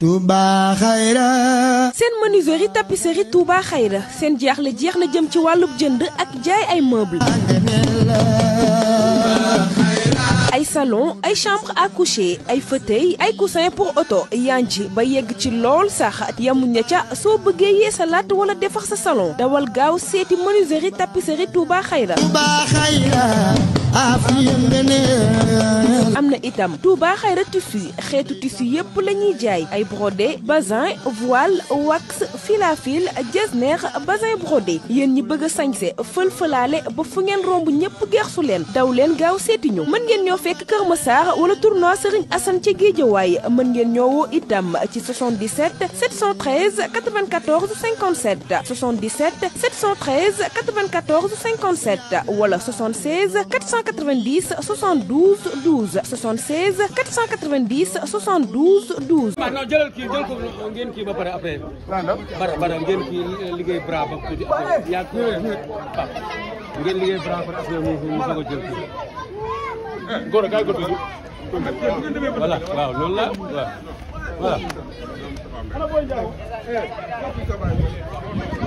Touba Khayra. seen menuiserie tapisserie Touba Khayra seen jaaxle jeex na jëm ci wàllub jënd ak jaay ay meubles. ay salon ay chambre à coucher ay fauteuil ay coussin pour auto yanji ba yegg ci lool sax yamu na ca soo bëggee yee salaat wala defar sa salon dawal gaaw seeti menuiserie tapisserie Touba Khayra. Touba Khayra. am na itam Touba Xayra tissu xeetu tissu yépp la ñuy jaay ay brodé bazin voile wax filafil jesner bazin brodé yéen ñi bëgg a sañse fël-fëlaale ba fu ngeen romb ñépp geexsu leen daw leen gaaw seeti ñu mën ngeen ñoo fekk Kër Massar wala tournoi Serigne Assane ca Géejawaay mën ngeen ñoowoo itam ci 77 713 94 57 77 713 94 57 wala 76 400 490 72 12 76 490 72 12. waaw non jëlal kii jël ko ngeen kii ba pare après. bara bara ngeen kii liggéey bras ba tuuti après yaa ngeen liggéey bras ba après mu mu soog a jël kii. Eh, góor a kaay góor voilà waaw loolu la waaw voilà.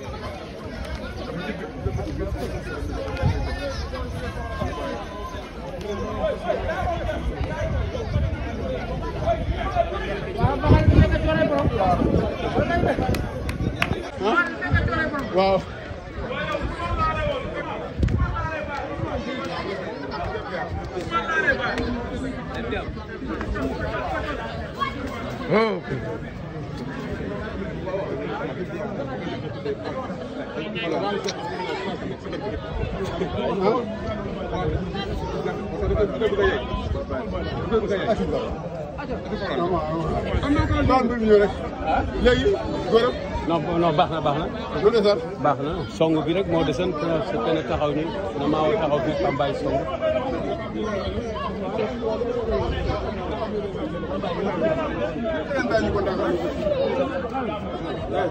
waaw waaw oh, léegi góoram. non baax na baax na. lu desar. bi rek moo desan su kenn taxaw ni na maa war taxaw fii Pambaay song. Un,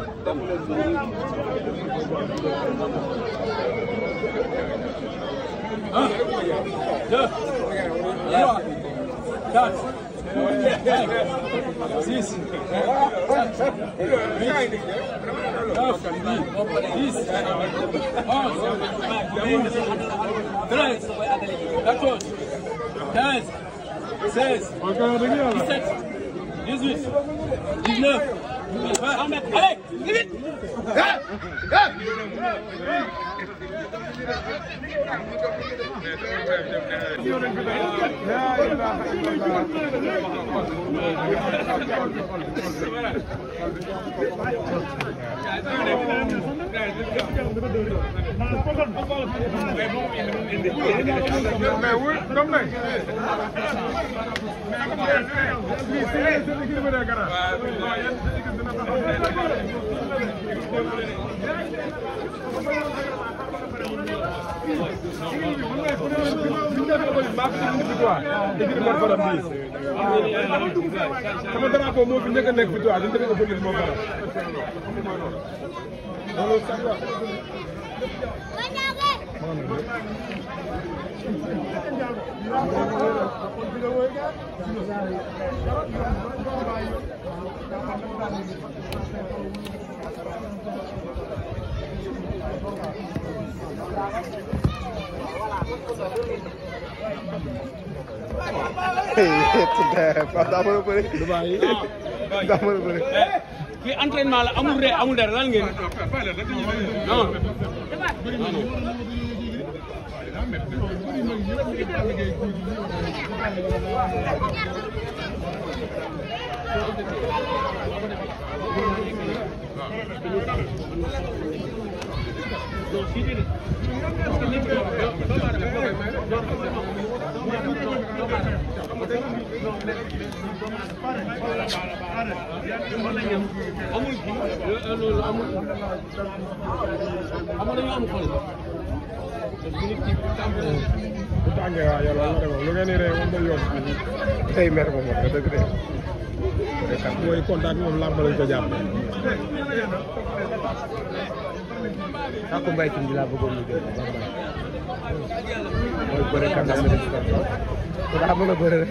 deux, trois, quatre, cinq, six, sept, huit, neuf, dix, onze, treize, quatorze, quinze, seize, dix-sept, dix-huit, dix-neuf. Allez, vite sama drapeau moo fi njëkk a nekk victoire dañu demee ko bëri moo faral. Thank you. daa mën a bëri daa mën a bëri fii entraînement la amul ree amul dara lan ngeen non amul amul amul amul amul bu tàngee waaw loolu la demoon lu ngeen di ree moom day yomb. tey mer moom wax dëgg de. béykat bi mooy contact moom làmb lañ ko jàpp. kàkku mbay ci laa bëggoon ñu jël mooy bëre kan la mën a daa mën a bëre rek.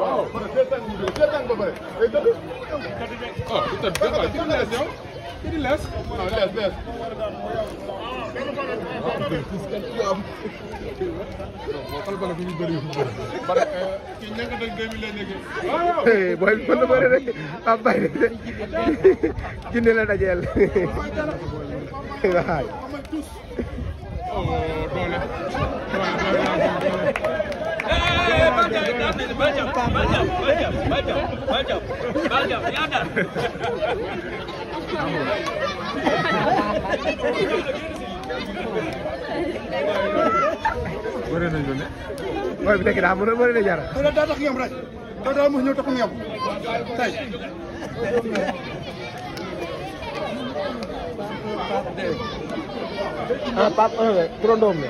waaw man de tàng ba pare day tëdd. ah bëri nañu ko ne. mooy bi nekk daa mën a bëri na jar. daa tax ñoom rek daa mos ñëw taxul ñoom tey. ah Pape 1 la turandoom la.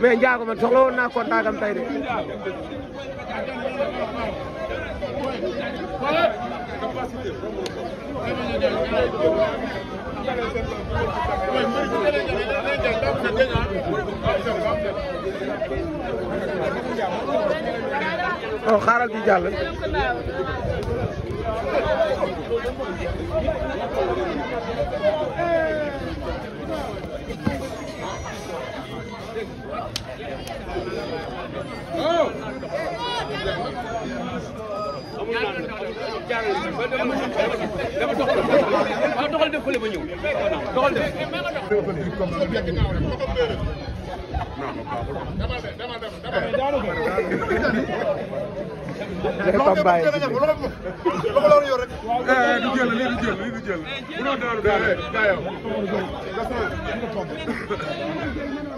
mais Ndiago man soxla woon naa contact am tey de. o oh, xaaral di jàll oh jaarale ba dama dama doxal waaw doxal def fële ba ñëw doxal def. dafa bàyyi si biir loxo la war a yor rek. lii du jël lii du jël lii du jël. bu doon daanu daanu daayoo.